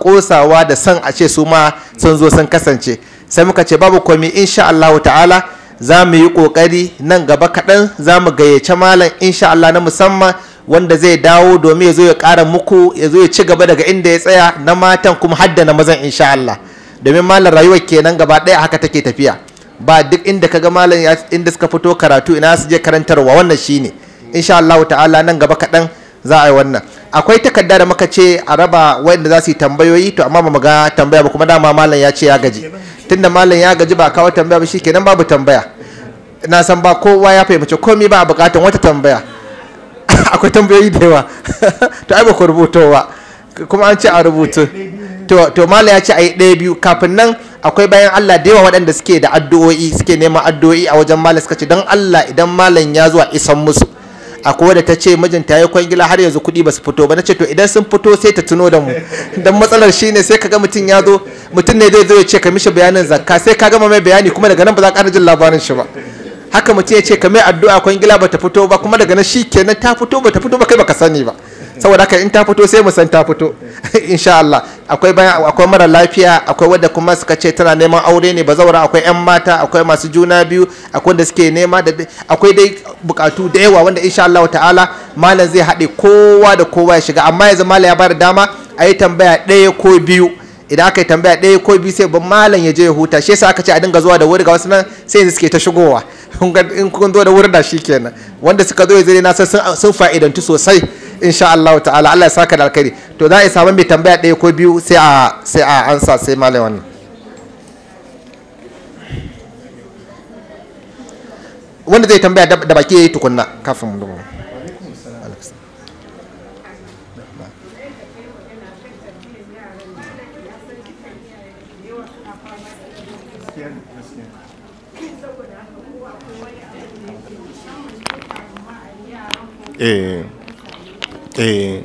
kosawa da san a ce su ma sun zo sun kasance sai muka ce babu komi insha Allah ta'ala za mu yi kokari nan gaba kaɗan za mu gayyace malam insha Allah na musamman wanda zai dawo domin ya zo ya ƙara muku ya zo ya ci gaba daga inda ya tsaya na matan kuma hadda na mazan insha Allah domin malam rayuwar kenan gaba ɗaya haka take tafiya ba duk inda kaga malam inda suka fito karatu ina su je karantarwa wannan shine insha Allah ta'ala nan gaba kaɗan za a yi wannan akwai takarda da muka ce a raba wanda za su yi tambayoyi to amma ba mu ga tambaya ba kuma dama malam ya ce ya gaji tunda malam ya gaji ba kawo tambaya ba shikenan babu tambaya na san ba kowa ya fahimci komai ba a wata tambaya akwai tambayoyi da yawa to ai ba ku rubutowa kuma an ce a rubutu to malam ya ce a yi ɗaya biyu kafin nan akwai bayan Allah da yawa waɗanda suke da addu'o'i suke neman addu'o'i a wajen malam suka ce don Allah idan malam ya zuwa isan musu akwai wadda ta ce mijinta ya kwangila har yanzu kuɗi ba su fito ba na ce to idan sun fito sai ta tuno da mu dan matsalar shine sai kaga mutum ya zo mutum ne zai zo ya ce ka mishi bayanin zakka sai ka gama mai bayani kuma daga nan ba za ka jin labarin shi ba haka mutum ya ce ka mai addu'a kwangila ba ta fito ba kuma daga nan shi kenan ta fito ba ta fito ba kai baka sani ba saboda haka in ta fito sai mu san ta fito insha Allah akwai bayan akwai mara lafiya akwai wadda kuma suka ce tana neman aure ne bazaura akwai yan mata akwai masu juna biyu akwai wanda suke nema da akwai dai bukatu da yawa wanda insha Allah ta'ala malam zai haɗe kowa da kowa ya shiga amma yanzu malam ya ba da dama a yi tambaya ɗaya ko biyu idan aka yi tambaya ɗaya ko biyu sai ban malam ya je ya huta shi yasa aka ce a dinga zuwa da wuri ga wasu nan sai yanzu suke ta shigowa in kun zo da wuri da shi kenan wanda suka zo yanzu na san sun fa'idantu sosai insha Allah ta'ala Allah ya saka da alkhairi to za a yi sabon mai tambaya ɗaya ko biyu sai a sai a ansa sai malam wannan wanda zai tambaya da baki yayi tukunna kafin mu Eh. eh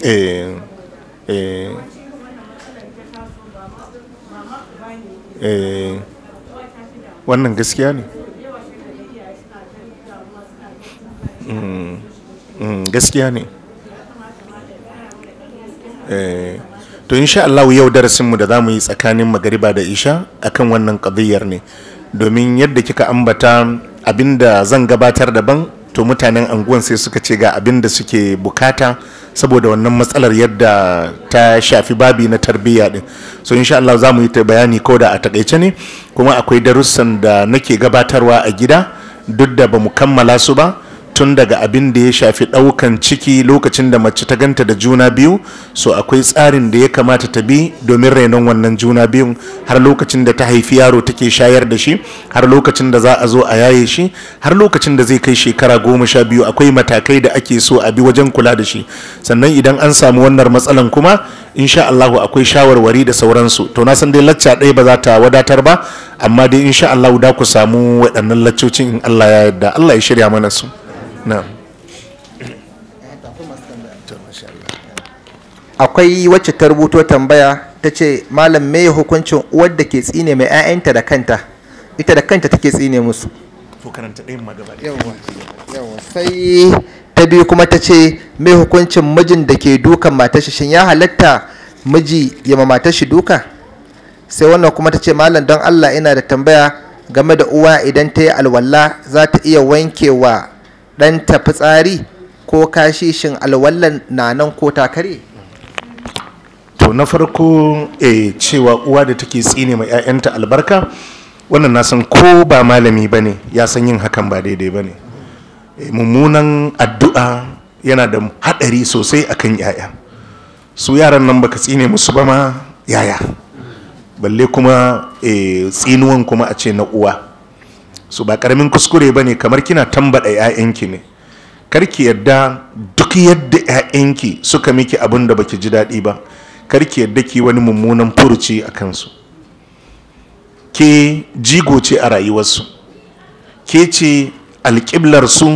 eh eh eh wannan gaskiya ne mm, mm, gaskiya ne eh, to insha Allah yau darasinmu da za mu yi tsakanin magariba da isha akan wannan ƙadiyar ne domin yadda kika ambata abinda zan gabatar daban to mutanen anguwan sai suka ce ga abin da suke bukata saboda wannan matsalar yadda ta shafi babi na tarbiyya din so insha Allah za mu yi ta bayani ko da a takaice ne kuma akwai darussan da nake gabatarwa a gida duk da ba mu kammala su ba tun daga abin da ya shafi ɗaukan ciki lokacin da mace ta ganta da juna biyu so akwai tsarin da ya kamata ta bi domin rainon wannan juna biyun har lokacin da ta haifi yaro take shayar da shi har lokacin da za a zo a yaye shi har lokacin da zai kai shekara goma sha biyu akwai matakai da ake so a bi wajen kula da shi sannan idan an samu wannan matsalan kuma insha Allah akwai shawarwari da sauransu to na san dai lacca ɗaya ba za ta wadatar ba amma dai insha Allah da ku samu waɗannan laccocin in Allah ya yarda Allah ya shirya mana su akwai wacce ta rubuto tambaya ta ce malam me hukuncin uwar da ke tsine mai 'ya'yanta da kanta ita da kanta take tsine musu sai ta biyu kuma ta ce me hukuncin mijin da ke dukan matashi shi shin ya halatta miji ya ma matashi duka sai wannan kuma ta ce malam don Allah ina da tambaya game da uwa idan ta yi alwala za ta iya wankewa ɗan tafi tsari ko kashi shin alwallan na nan ko takare to na farko e cewa uwa da take tsine ma 'ya'yanta albarka wannan na san ko ba malami ba ya san yin hakan ba daidai bane ne eh, mummunan addu'a yana da haɗari sosai akan 'ya'ya su yaran nan baka tsine musu ba ma yaya balle kuma e tsinuwan kuma a ce na uwa Su ba karamin kuskure ba kamar kina tambada 'ya'yanki ne karki yadda duk yadda 'ya'yanki suka miki abin da baki ji daɗi ba karki yadda ki wani mummunan furuci a kansu ke jigo ce a rayuwarsu ke ce su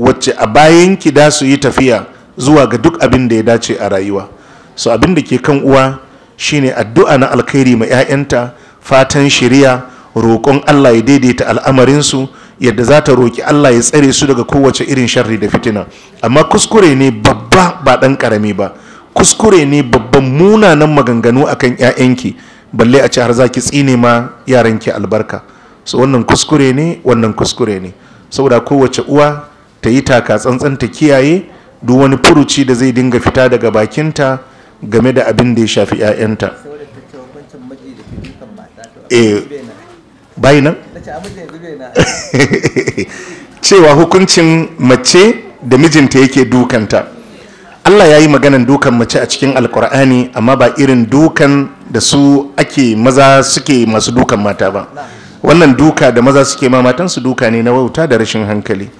wacce a bayan ki da su yi tafiya zuwa ga duk abin da ya dace a rayuwa so abin da ke kan uwa shine addu'a na alkhairi ma 'ya'yanta fatan shiriya roƙon Allah ya daidaita al'amarinsu yadda za ta roƙi Allah ya tsare su daga kowace irin sharri da fitina amma kuskure ne babba ba ɗan ƙarami ba kuskure ne babban munanan maganganu akan 'ya'yanki balle a ce har zaki tsine ma yaranki albarka so wannan kuskure ne wannan kuskure ne saboda kowace uwa ta yi taka tsantsan ta kiyaye duk wani furuci da zai dinga fita daga bakinta game da abin da ya shafi 'ya'yanta. e bayi nan cewa hukuncin mace da mijinta yake dukanta Allah ya yi maganan dukan mace a cikin alkur'ani amma ba irin dukan da su ake maza suke masu dukan mata ba wannan duka da maza suke ma matansu duka ne na wauta da rashin hankali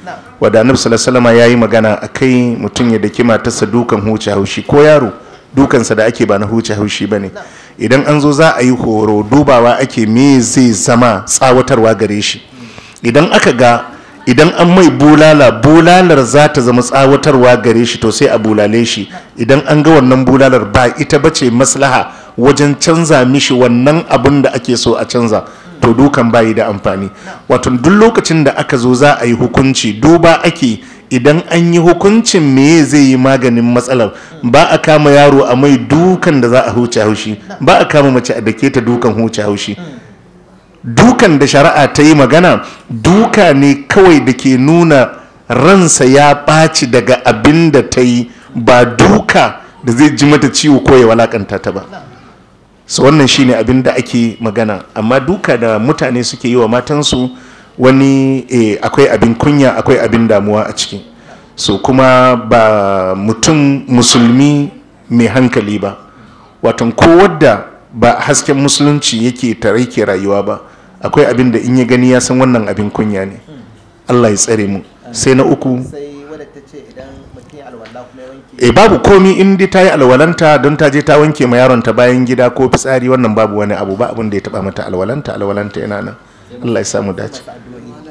wadda annabi sallallahu ya yi magana a kai mutum ya daki matarsa dukan huce haushi ko yaro dukansa da ake ba na huce haushi ba ne idan an zo za a yi horo dubawa ake me zai zama tsawatarwa gare shi idan aka ga idan an mai bulala bulalar za ta zama tsawatarwa gare shi to sai a bulale shi idan an ga wannan bulalar ba ita ba ce maslaha wajen canza mishi wannan abin da ake so a canza to dukan bayi da amfani wato duk lokacin da aka zo za a yi hukunci duba ake idan an yi hukuncin me zai yi maganin matsalar ba a kama yaro a mai dukan da za a huce haushi ba a kama mace a dake ta dukan huce haushi dukan da shari'a ta yi magana duka ne kawai da ke nuna ransa ya ɓaci daga abin da ta yi ba duka da zai ji mata ciwo ko ya walakanta ta ba so wannan shine abin da ake magana amma duka da mutane suke yi wa matansu wani eh, akwai abin kunya akwai abin damuwa a ciki so kuma ba mutum musulmi mai hankali ba watan ko wadda ba hasken musulunci yake tare ke rayuwa ba akwai abin da in ya gani ya san wannan abin kunya ne allah ya tsare mu sai na uku e babu komi in dai ta yi alwalanta don ta je ta wanke ma yaron ta bayan gida ko fitsari wannan babu wani abu ba abin da ya taba mata alwalanta alwalanta yana nan Allah ya samu dace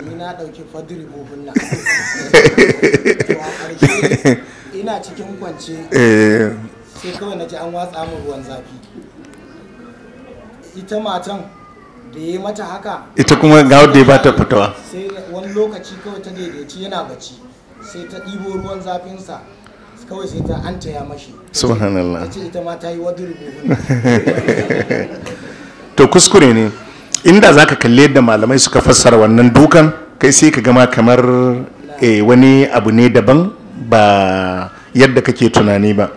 ni na ɗauki fadiri buhunna to a ina cikin kwance eh. sai kawai na ji an watsa min ruwan zafi ita matan da ya mata haka ita kuma ga wadda ya bata fitowa sai wani lokaci kawai ta daidaici yana bacci sai ta ɗibo ruwan zafinsa kawai sai ta an taya mashi subhanallah ita ma ta yi wadda to kuskure ne inda za ka kalli yadda malamai suka fassara wannan dukan kai sai ka gama kamar eh, wani abu ne daban ba yadda kake tunani ba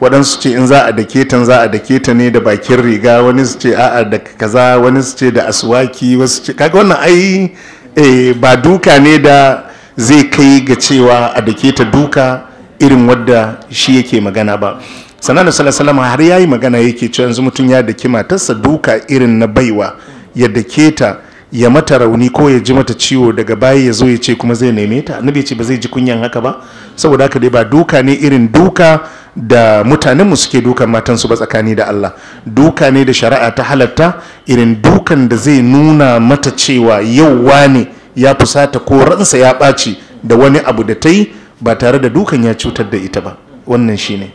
waɗansu ce in za a dake ta za a dake ta ne da bakin riga wani su ce a'a da kaza wani su ce da aswaki wasu ce kaga wannan ai eh, ba duka ne da zai kai ga cewa a dake ta duka irin wadda shi yake magana ba sannan da har yayi magana yake cewa yanzu mutum ya daki matarsa duka irin na baiwa ya dake ta ya mata rauni ko ya ji mata ciwo daga baya ya zo ya ce kuma zai neme ta annabi ce ba zai ji kunyan haka ba saboda haka dai ba duka ne irin duka da mutanenmu suke dukan matansu ba tsakani da Allah duka ne da shari'a ta halatta irin dukan da zai nuna mata cewa yau wane ya fusata ko ransa ya ɓaci da wani abu da ta yi ba tare da dukan ya cutar da ita ba wannan shine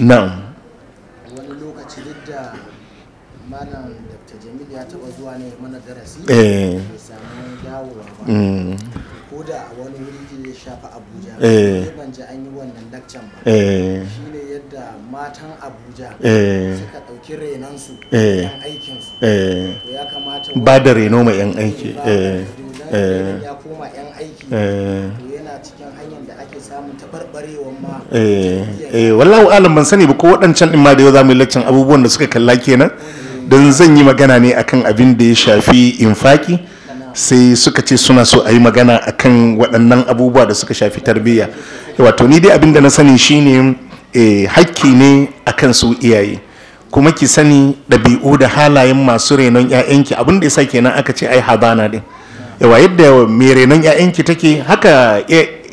na'am eh mm. abuja eh eh. ba eh. Eh. eh to ya kamata ba da reno mai yan aiki eh. ya koma yan aiki to yana cikin hanyar da ake samun tabarbarewa ma eh eh wallahi alam ban sani ba ko waɗancan din ma da yau za mu yi lakcan abubuwan da suka kalla kenan don zan yi magana ne akan abin da ya shafi infaki sai suka ce suna so a yi magana akan waɗannan abubuwa da suka shafi tarbiyya wato ni dai abin da na sani shine eh, hakki ne akan su iyaye kuma ki sani ɗabi'u da halayen masu renon 'ya'yanki abin da ya kenan aka ce ai habana din yawa yadda mai renon 'ya'yanki take haka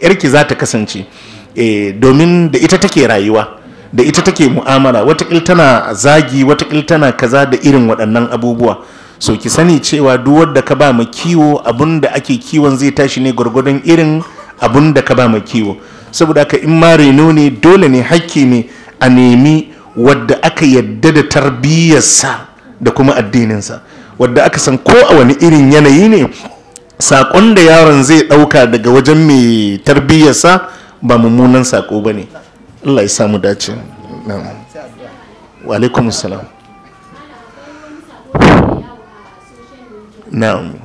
yarki za ta kasance eh, domin da ita take rayuwa da ita take mu'amala watakil tana zagi watakil tana kaza da irin waɗannan abubuwa so ki sani cewa duk wanda ka ba ma kiwo abun ake kiwon zai tashi ne gwargwadon irin abun ka ba ma kiwo saboda haka in ma reno ne dole ne hakki ne a nemi wadda aka yadda da tarbiyyarsa da kuma addininsa wadda aka san ko a wani irin yanayi ne saƙon da yaron zai ɗauka daga wajen mai tarbiyyarsa ba mummunan sako ba ne Allah ya samu dace wa alaikum salam na'am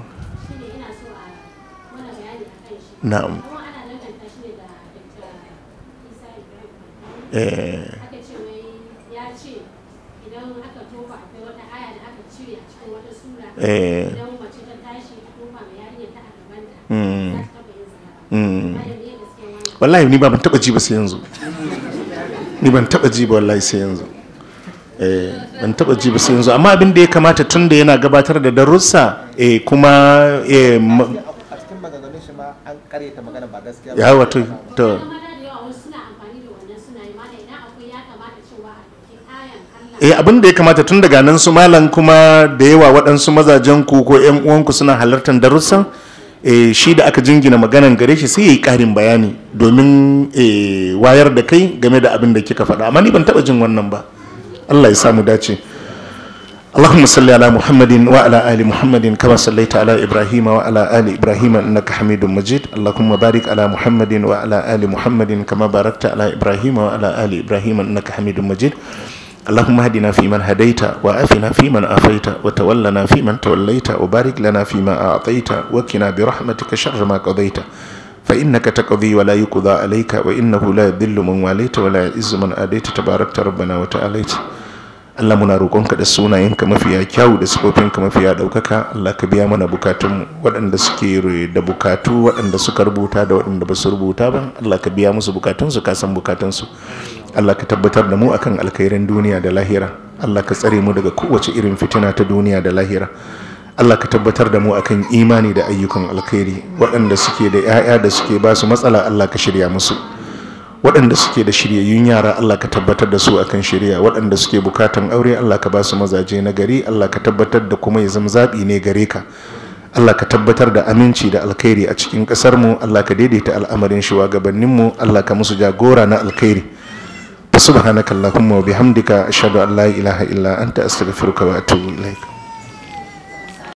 na'am eh eh mm. mm. wallahi ni ba ban taba ji ba sai yanzu ni ban taba ji ba wallahi sai yanzu eh ban taba ji ba sai yanzu amma abin da ya kamata tun da yana gabatar da darussa eh kuma eh ya wato to eh abin da ya kamata tun daga nan su malam kuma da yawa waɗansu mazajen ku ko ƴan uwanku suna halartar darussan shi da aka jingina maganan gare shi sai ya yi karin bayani domin wayar da kai game da abin da kika faɗa amma ni ban taɓa jin wannan ba allah ya samu dace اللهم صل على محمد وعلى آل محمد كما صليت على إبراهيم وعلى آل إبراهيم إنك حميد مجيد اللهم بارك على محمد وعلى آل محمد كما باركت على إبراهيم وعلى آل إبراهيم إنك حميد مجيد اللهم اهدنا فيمن هديت وعافنا فيمن عافيت وتولنا فيمن توليت وبارك لنا فيما أعطيت وكنا برحمتك شر ما قضيت فإنك تقضي ولا يقضى عليك وإنه لا يذل من واليت ولا يعز من آديت تباركت ربنا وتعاليت Allah muna roƙonka da sunayenka mafiya kyau da sifofinka mafiya ɗaukaka Allah ka biya mana bukatunmu waɗanda suke da bukatu waɗanda suka rubuta da waɗanda ba su rubuta ba Allah ka biya musu bukatunsu ka bukatunsu Allah ka tabbatar da mu akan alkhairin duniya da lahira Allah ka tsare mu daga kowace irin fitina ta duniya da lahira Allah ka tabbatar da mu akan imani da ayyukan alkhairi waɗanda suke da 'ya'ya da suke ba su matsala Allah ka shirya musu waɗanda suke da shiryayyun yara Allah ka tabbatar da su akan shirya waɗanda suke bukatan aure Allah ka ba su mazaje na gari Allah ka tabbatar da kuma ya zama zaɓi ne gare ka Allah ka tabbatar da aminci da alkhairi a cikin ƙasarmu Allah ka daidaita al'amarin shugabanninmu Allah ka musu jagora na alkhairi subhanakallahumma wa bihamdika ashhadu an la ilaha illa anta astaghfiruka wa atubu ilaik